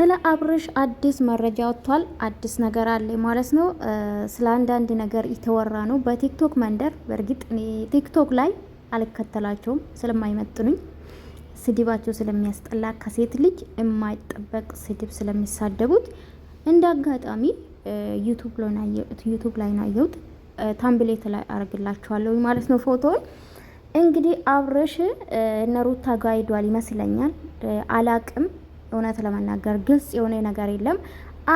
ስለ አብርሽ አዲስ መረጃ ወጥቷል። አዲስ ነገር አለ ማለት ነው። ስለ አንዳንድ ነገር የተወራ ነው በቲክቶክ መንደር። በእርግጥ ቲክቶክ ላይ አልከተላቸውም ስለማይመጥኑኝ፣ ስድባቸው ስለሚያስጠላ፣ ከሴት ልጅ የማይጠበቅ ስድብ ስለሚሳደቡት፣ እንደ አጋጣሚ ዩቱብ ላይ ነው ታምብሌት ላይ አርግላችኋለሁ ማለት ነው ፎቶውን። እንግዲህ አብርሽ እነ ሩታ ጋይዷል ይመስለኛል አላቅም እውነት ለመናገር ግልጽ የሆነ ነገር የለም።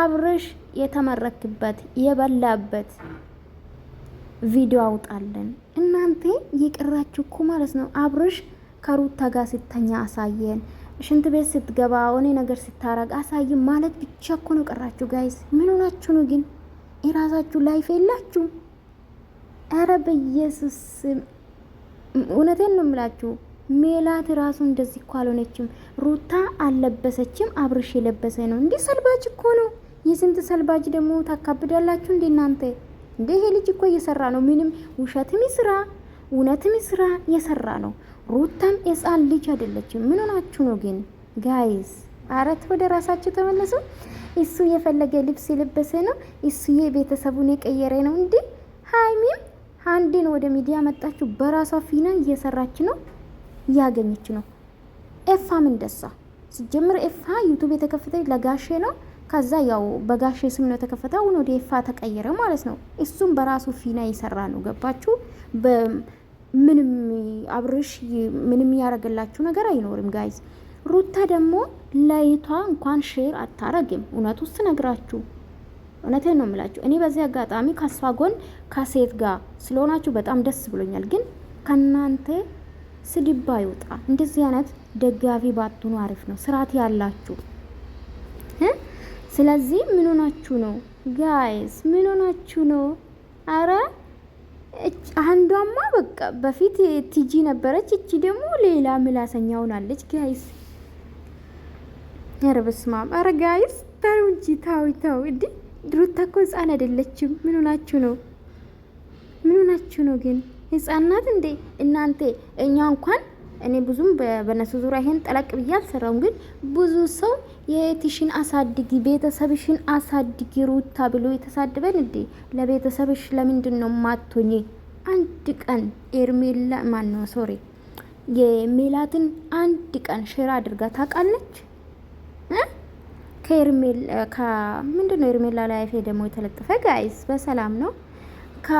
አብርሽ የተመረክበት የበላበት ቪዲዮ አውጣለን። እናንተ የቀራችሁ እኮ ማለት ነው። አብርሽ ከሩታ ጋር ስተኛ አሳየን፣ ሽንት ቤት ስትገባ ሆነ ነገር ስታረግ አሳይን ማለት ብቻ እኮ ነው ቀራችሁ። ጋይስ ምን ሆናችሁ ነው ግን? የራሳችሁ ላይፍ የላችሁ? ኧረ በኢየሱስ እውነቴን ነው የምላችሁ። ሜላት ራሱ እንደዚህ እኮ አልሆነችም። ሩታ አልለበሰችም፣ አብርሽ የለበሰ ነው። እንዲህ ሰልባጅ እኮ ነው። የስንት ሰልባጅ ደግሞ ታካብዳላችሁ እንዴ እናንተ! እንደ ይሄ ልጅ እኮ እየሰራ ነው። ምንም ውሸትም ይስራ እውነትም ይስራ እየሰራ ነው። ሩታም የጻን ልጅ አይደለችም። ምን ሆናችሁ ነው ግን ጋይዝ? አረት ወደ ራሳችሁ ተመለሱ። እሱ የፈለገ ልብስ የለበሰ ነው። እሱ የቤተሰቡን የቀየረ ነው እንዴ። ሀይሚም አንድን ወደ ሚዲያ መጣችሁ። በራሷ ፊና እየሰራች ነው። እያገኘች ነው። ኤፋ ምን ደሳ ሲጀምር ኤፋ ዩቱብ የተከፈተ ለጋሼ ነው። ከዛ ያው በጋሼ ስም ነው የተከፈተ። አሁን ወደ ኤፋ ተቀየረ ማለት ነው። እሱም በራሱ ፊና ይሰራ ነው። ገባችሁ? ምንም አብርሽ ምንም ያደረገላችሁ ነገር አይኖርም ጋይዝ። ሩታ ደግሞ ለይቷ እንኳን ሼር አታረግም። እውነቱ ውስጥ ነግራችሁ እውነቴን ነው የምላችሁ። እኔ በዚህ አጋጣሚ ከሷ ጎን ከሴት ጋር ስለሆናችሁ በጣም ደስ ብሎኛል። ግን ከእናንተ ስድባ ይውጣ። እንደዚህ አይነት ደጋፊ ባትሆኑ አሪፍ ነው። ስርዓት ያላችሁ ስለዚህ ምን ሆናችሁ ነው ጋይስ? ምን ሆናችሁ ነው? አረ አንዷማ በቃ በፊት ቲጂ ነበረች፣ እቺ ደግሞ ሌላ ምላሰኛ ሆናለች ጋይስ። ኧረ በስመ አብ! አረ ጋይስ ታው እንጂ ታው ታው። እንዲ ድሩታ እኮ ህጻን አይደለችም። ምን ሆናችሁ ነው? ምን ሆናችሁ ነው ግን ህጻናት እንዴ እናንተ እኛ እንኳን እኔ ብዙም በነሱ ዙሪያ ይሄን ጠለቅ ብዬ አልሰራውም፣ ግን ብዙ ሰው የትሽን አሳድጊ ቤተሰብሽን አሳድጊ ሩታ ብሎ የተሳድበን እንዴ ለቤተሰብሽ ለምንድን ነው ማቶኝ? አንድ ቀን ኤርሜላ ማን ነው ሶሪ የሜላትን አንድ ቀን ሽራ አድርጋ ታውቃለች? ከኤርሜል ከምንድን ነው ኤርሜላ ላይ ደግሞ የተለጠፈ ጋይስ በሰላም ነው ከ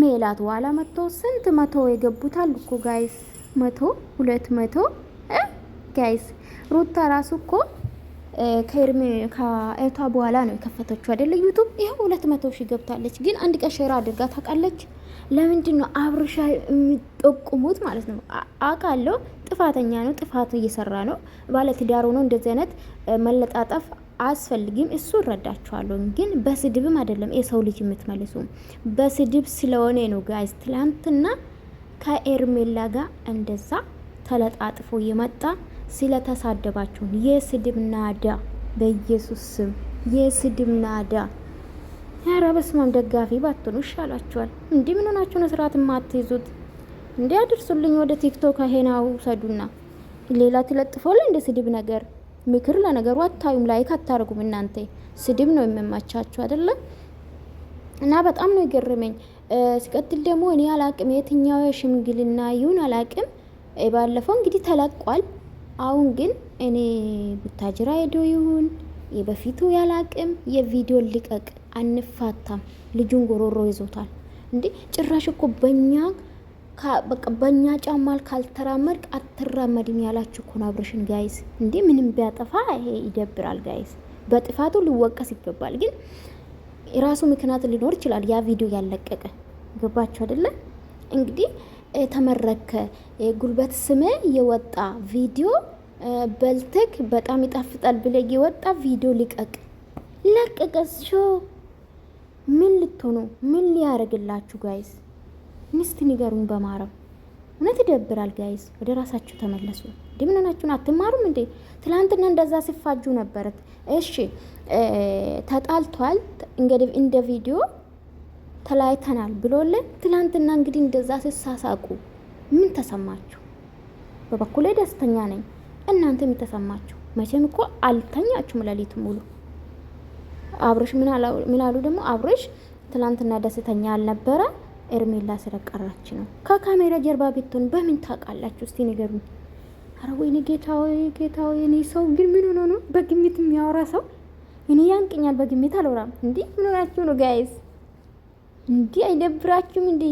ሜላት ዋላ መቶ ስንት መቶ የገቡታል እኮ ጋይስ፣ መቶ ሁለት መቶ ጋይስ። ሩታ ራሱ እኮ ከእርሜ ከእቷ በኋላ ነው የከፈተችው አይደለ? ዩቱብ ይኸው ሁለት መቶ ሺህ ገብታለች። ግን አንድ ቀን ሼራ አድርጋ ታውቃለች? ለምንድን ነው አብርሻ የሚጠቁሙት ማለት ነው? አውቃለሁ ጥፋተኛ ነው፣ ጥፋት እየሰራ ነው። ባለትዳር ሆኖ እንደዚህ አይነት መለጣጠፍ አስፈልግም። እሱ እረዳችኋለሁ፣ ግን በስድብም አይደለም የሰው ልጅ የምትመልሱ በስድብ ስለሆነ ነው። ጋይዝ ትላንትና ከኤርሜላ ጋር እንደዛ ተለጣጥፎ የመጣ ስለተሳደባችሁን የስድብ ናዳ፣ በኢየሱስ ስም የስድብ ናዳ። ኧረ በስመ አብ ደጋፊ ባትሆኑ ይሻላችኋል። እንዲህ ምን ሆናችሁ ነው ስርዓት ማትይዙት? እንዲህ አድርሱልኝ ወደ ቲክቶክ ሄና ውሰዱና ሌላ ትለጥፈው ላይ እንደ ስድብ ነገር ምክር ለነገሩ አታዩም፣ ላይክ አታርጉም እናንተ ስድብ ነው የሚመቻችሁ አይደለም። እና በጣም ነው የገረመኝ። ሲቀጥል ደግሞ እኔ አላቅም የትኛው የሽምግልና ይሁን አላቅም። ባለፈው እንግዲህ ተለቋል። አሁን ግን እኔ ቡታጅራ ሄዶ ይሁን የበፊቱ ያላቅም የቪዲዮ ልቀቅ አንፋታም። ልጁን ጎሮሮ ይዞታል እንዴ! ጭራሽ እኮ በእኛ በእኛ ጫማል ካልተራመድክ አትራመድም ያላችሁ እኮ ነው አብርሽን። ጋይስ እንዴ ምንም ቢያጠፋ ይሄ ይደብራል ጋይስ። በጥፋቱ ሊወቀስ ይገባል፣ ግን የራሱ ምክንያት ሊኖር ይችላል። ያ ቪዲዮ ያለቀቀ ገባችሁ አይደለ? እንግዲህ ተመረከ ጉልበት ስም የወጣ ቪዲዮ በልተክ በጣም ይጣፍጣል ብለ የወጣ ቪዲዮ ሊቀቅ ለቀቀስ ሾ ምን ልትሆኑ ምን ሊያደርግላችሁ ጋይስ? ሚስት ንገሩኝ በማረም እውነት ይደብራል። ጋይዝ ወደ ራሳችሁ ተመለሱ። ድምነናችሁን አትማሩም እንዴ? ትላንትና እንደዛ ሲፋጁ ነበረት። እሺ ተጣልቷል፣ እንግዲህ እንደ ቪዲዮ ተለያይተናል ብሎልን ትላንትና እንግዲህ እንደዛ ሲሳሳቁ ምን ተሰማችሁ? በበኩሌ ደስተኛ ነኝ። እናንተ ምን ተሰማችሁ? መቼም እኮ አልተኛችሁም ለሊት ሙሉ። አብሮሽ ምን አሉ ደግሞ አብሮሽ ትላንትና ደስተኛ አልነበረ ኤርሜላ ስለቀራች ነው። ከካሜራ ጀርባ ብትሆን በምን ታውቃላችሁ? እስቲ ንገሩ። ኧረ ወይኔ ጌታ ወይ ጌታ ወይ! እኔ ሰው ግን ምን ሆኖ ነው በግምት የሚያወራ ሰው? እኔ ያንቅኛል። በግምት አልወራም። እንዲህ ምን ሆናችሁ ነው ጋይዝ? እንዲህ አይደብራችሁም? እንዲ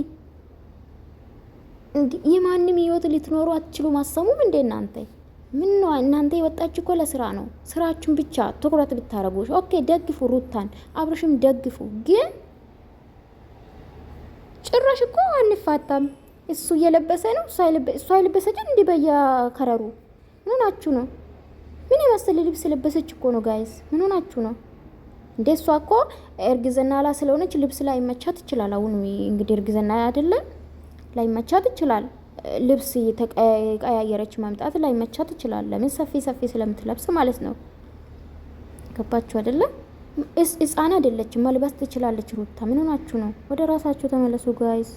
እንዲ የማንም ህይወት ልትኖሩ አትችሉም። አሰሙም እንዴ እናንተ ምን ነው እናንተ የወጣችሁ እኮ ለስራ ነው። ስራችሁን ብቻ ትኩረት ብታረጉ ኦኬ። ደግፉ ሩታን አብርሽም ደግፉ ግን ጭራሽ እኮ አንፋታም። እሱ እየለበሰ ነው፣ እሷ የለበሰችን እንዲህ ከረሩ ምን ሆናችሁ ነው? ምን የመሰለ ልብስ ለበሰች እኮ ነው ጋይስ፣ ምን ሆናችሁ ነው እንዴ? እሷ እኮ እርግዝና ላ ስለሆነች ልብስ ላይ መቻት ይችላል። አሁን እንግዲህ እርግዝና አይደለም ላይ መቻት ይችላል። ልብስ የተቀያየረች መምጣት ላይ መቻት ይችላል። ለምን ሰፊ ሰፊ ስለምትለብስ ማለት ነው። ገባችሁ አይደለም? ህፃን አይደለችም፣ መልበስ ትችላለች። ሩታ ምን ሆናችሁ ነው? ወደ ራሳችሁ ተመለሱ ጋይስ።